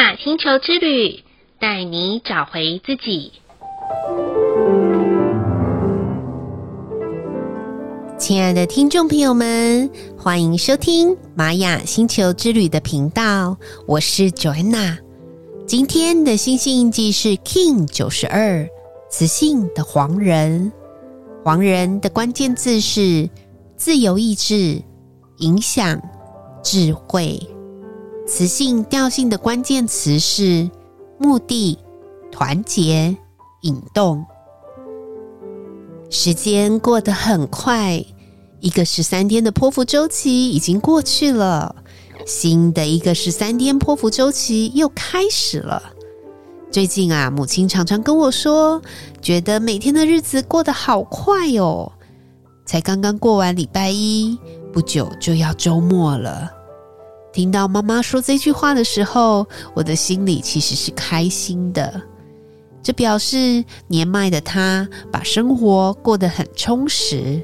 瑪雅星球之旅，帶你找回自己。親愛的聽眾朋友們，歡迎收聽瑪雅星球之旅的頻道，我是 Joanna。今天的星系印記是 Kin 92，磁性的黃人。黃人的關鍵字是自由意志、影響、智慧。磁性、調性的關鍵詞是目的、團結、引動。時間過得很快，一個十三天的波符週期已經過去了，新的一個十三天波符週期又開始了。最近啊，母親常常跟我說，覺得每天的日子過得好快哦，才剛剛過完禮拜一，不久就要周末了。聽到媽媽說這句話的時候，我的心裡其實是開心的。這表示年邁的他把生活過得很充實，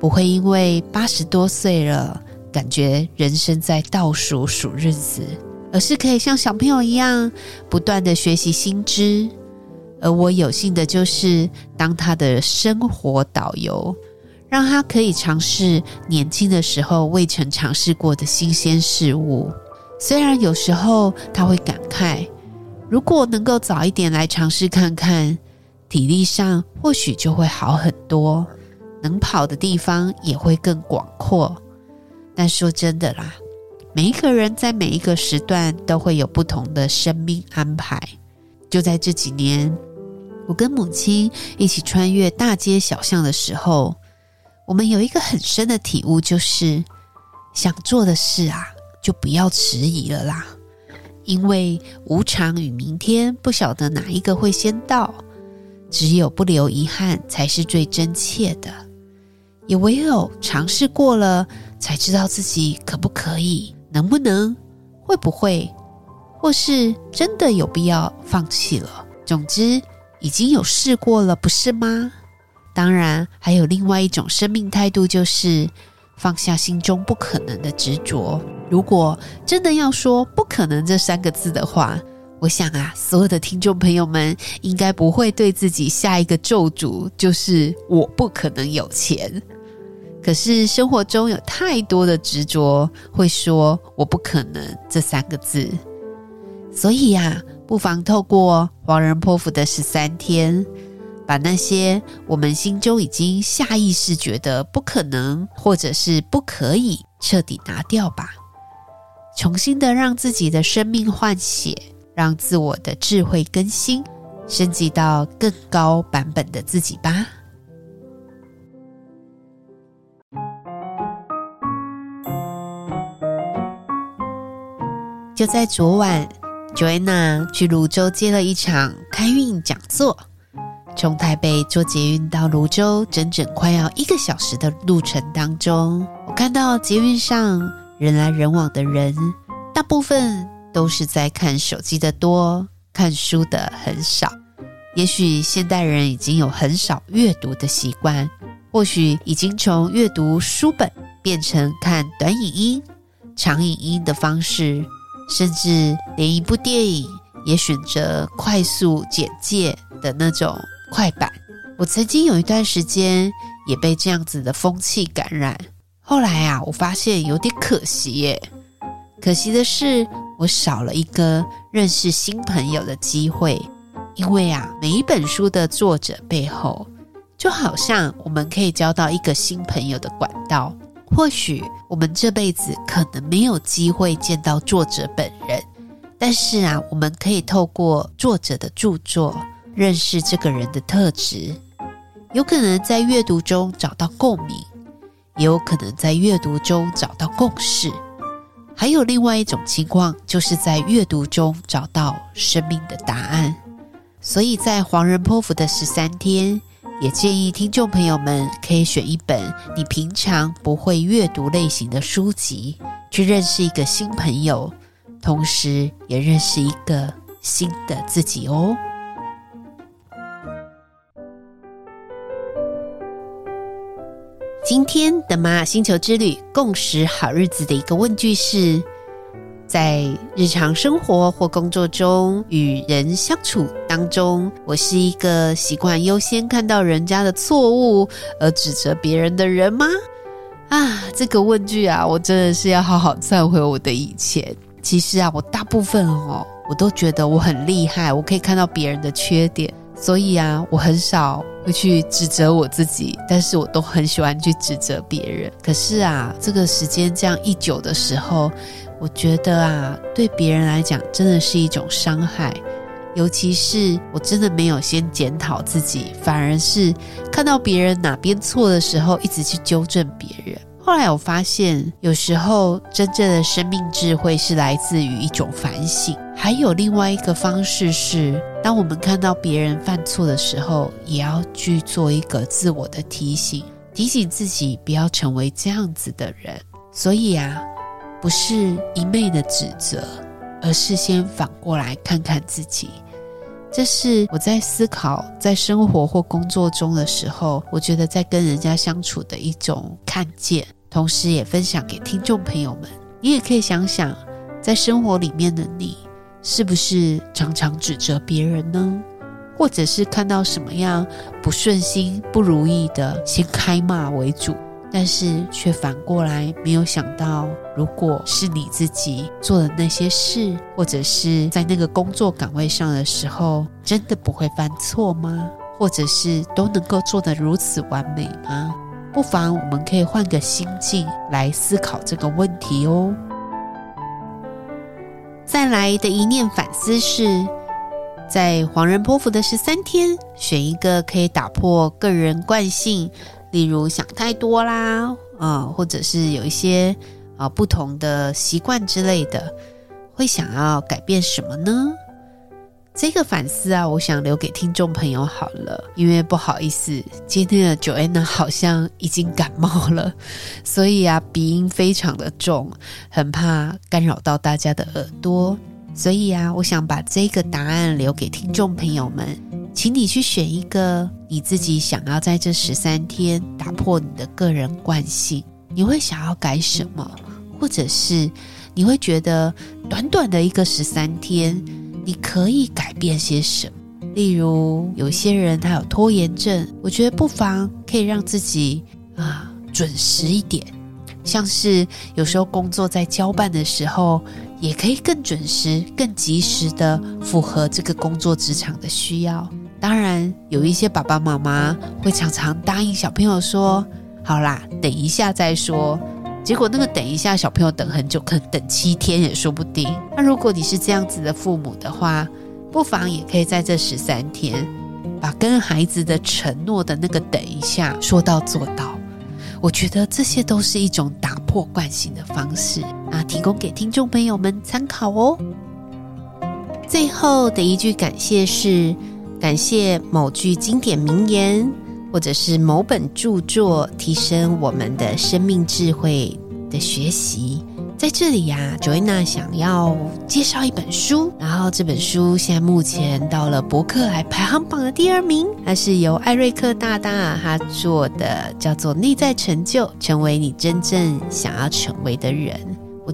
不會因為八十多歲了感覺人生在倒數數日子，而是可以像小朋友一樣不斷的學習新知。而我有幸的就是當他的生活導遊。讓他可以嘗試年輕的時候未曾嘗試過的新鮮事物，雖然有時候他會感慨，如果能夠早一點來嘗試看看，體力上或許就會好很多，能跑的地方也會更廣闊。但說真的啦，每一個人在每一個時段都會有不同的生命安排。就在這幾年，我跟母親一起穿越大街小巷的時候。我們有一個很深的體悟，就是想做的事啊，就不要遲疑了啦。因為無常與明天，不曉得哪一個會先到，只有不留遺憾才是最真切的。也唯有嘗試過了，才知道自己可不可以、能不能、會不會，或是真的有必要放棄了。總之，已經有試過了，不是嗎？當然，還有另外一種生命態度，就是放下心中不可能的執着。如果真的要說“不可能”這三個字的話，我想啊，所有的聽眾朋友們應該不會對自己下一個咒詛，就是我不可能有錢。可是生活中有太多的執着，會說“我不可能”這三個字，所以呀、啊，不妨透過黃人波符的十三天。把那些我們心中已經下意識覺得不可能，或者是不可以，徹底拿掉吧，重新的讓自己的生命換血，讓自我的智慧更新升級到更高版本的自己吧。就在昨晚，Joanna 去蘆洲接了一場開運講座。從台北坐捷運到蘆洲，整整快要一個小時的路程當中，我看到捷運上人來人往的人，大部分都是在看手機的多，看書的很少。也許現代人已經有很少閱讀的習慣，或許已經從閱讀書本變成看短影音、長影音的方式，甚至連一部電影也選擇快速簡介的那種。快板，我曾經有一段時間也被這樣子的風氣感染。後來啊，我發現有點可惜耶。可惜的是，我少了一個認識新朋友的機會。因為啊，每一本書的作者背後，就好像我們可以交到一個新朋友的管道。或許我們這輩子可能沒有機會見到作者本人，但是啊，我們可以透過作者的著作。認識這個人的特質，有可能在閱讀中找到共鳴，也有可能在閱讀中找到共識。還有另外一種情況，就是在閱讀中找到生命的答案。所以在《黃人波符的十三天》，也建議聽眾朋友們可以選一本你平常不會閱讀類型的書籍，去認識一個新朋友，同時也認識一個新的自己哦。今天的馬雅星球之旅共時好日子的一個問句是：在日常生活或工作中與人相處當中，我是一個習慣優先看到人家的錯誤而指責別人的人嗎？啊，這個問句啊，我真的是要好好懺悔我的以前。其實啊，我大部分哦，我都覺得我很厲害，我可以看到別人的缺點。所以啊，我很少會去指責我自己，但是我都很喜歡去指責別人。可是啊，這個時間這樣一久的時候，我覺得啊，對別人來講真的是一種傷害，尤其是我真的沒有先檢討自己，反而是看到別人哪邊錯的時候，一直去糾正別人。後來我發現，有時候真正的生命智慧是來自於一種反省。還有另外一個方式是，當我們看到別人犯錯的時候，也要去做一個自我的提醒，提醒自己不要成為這樣子的人。所以啊，不是一味的指責，而是先反過來看看自己。這是我在思考在生活或工作中的時候，我覺得在跟人家相處的一種看見，同時也分享給聽眾朋友們。你也可以想想，在生活裡面的你。是不是常常指責別人呢？或者是看到什麼樣不順心、不如意的，先開罵為主。但是卻反過來沒有想到，如果是你自己做的那些事，或者是在那個工作崗位上的時候，真的不會犯錯嗎？或者是都能夠做得如此完美嗎？不妨我們可以換個心境來思考這個問題哦。看來的一念反思是，在黃人波符的十三天，選一個可以打破個人慣性，例如想太多啦，啊、呃，或者是有一些啊、呃、不同的習慣之類的，會想要改變什麼呢？這個反思啊，我想留給聽眾朋友好了，因為不好意思，今天的 Joanna 好像已經感冒了，所以啊，鼻音非常的重，很怕干擾到大家的耳朵，所以啊，我想把這個答案留給聽眾朋友們，請你去選一個你自己想要在這十三天打破你的個人慣性，你會想要改什麼？或者是你會覺得短短的一個十三天。你可以改變些什麼？例如，有些人他有拖延症，我覺得不妨可以讓自己啊準時一點。像是有時候工作在交辦的時候，也可以更準時、更及時的符合這個工作職場的需要。當然，有一些爸爸媽媽會常常答應小朋友說：“好啦，等一下再說。”結果那個等一下，小朋友等很久，可能等七天也說不定。那、啊、如果你是這樣子的父母的話，不妨也可以在這十三天，把跟孩子的承諾的那個等一下說到做到。我覺得這些都是一種打破慣性的方式啊，提供給聽眾朋友們參考哦。最後的一句感謝是感謝某句經典名言，或者是某本著作，提升我們的生命智慧的學習，在這裡呀，啊，Joanna 想要介紹一本書，然後這本書現在目前到了博客來排行榜的第二名，那是由艾瑞克大大他做的，叫做《內在成就：成為你真正想要成為的人》。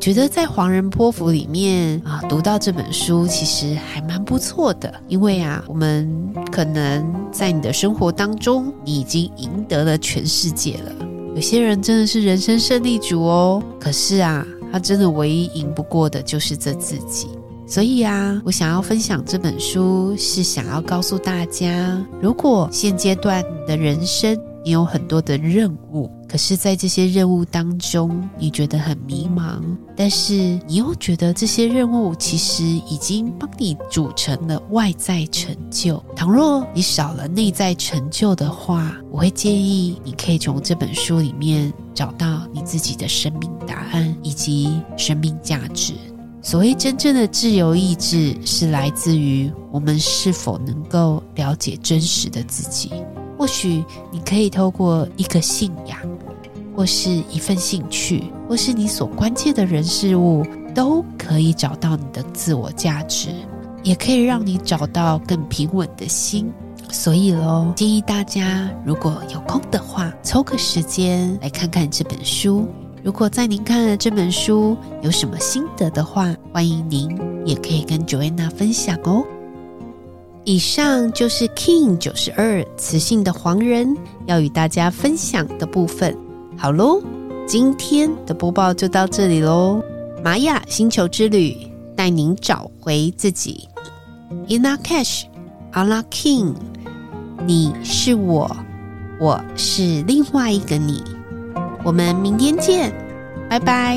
覺得在黃人波符裡面啊，讀到這本書其實還蠻不錯的，因為啊，我們可能在你的生活當中，你已經贏得了全世界了。有些人真的是人生勝利組哦，可是啊，他真的唯一贏不過的就是這自己。所以啊，我想要分享這本書，是想要告訴大家，如果現階段你的人生，你有很多的任務，可是，在這些任務當中，你覺得很迷茫，但是你又覺得這些任務其實已經幫你組成了外在成就。倘若你少了內在成就的話，我會建議你可以從這本書裡面找到你自己的生命答案以及生命價值。所謂真正的自由意志，是來自於我們是否能夠了解真實的自己。或許你可以透過一個信仰，或是一份興趣，或是你所關切的人事物，都可以找到你的自我價值，也可以讓你找到更平穩的心。所以嘍，建議大家如果有空的話，抽個時間來看看這本書。如果在您看了這本書有什麼心得的話，歡迎您也可以跟 Joanna 分享哦。以上就是 Kin 九十二磁性的黃人要與大家分享的部分。好嘍，今天的播報就到這裡嘍。瑪雅星球之旅帶您找回自己。In Lak'ech, Ala K'in，你是我，我是另外一個你。我們明天見，拜拜。